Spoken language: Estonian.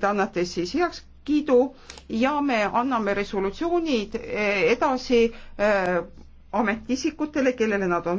te annate siis heakskiidu ja me anname resolutsioonid eh, edasi eh, ametiisikutele, kellele nad on määratud.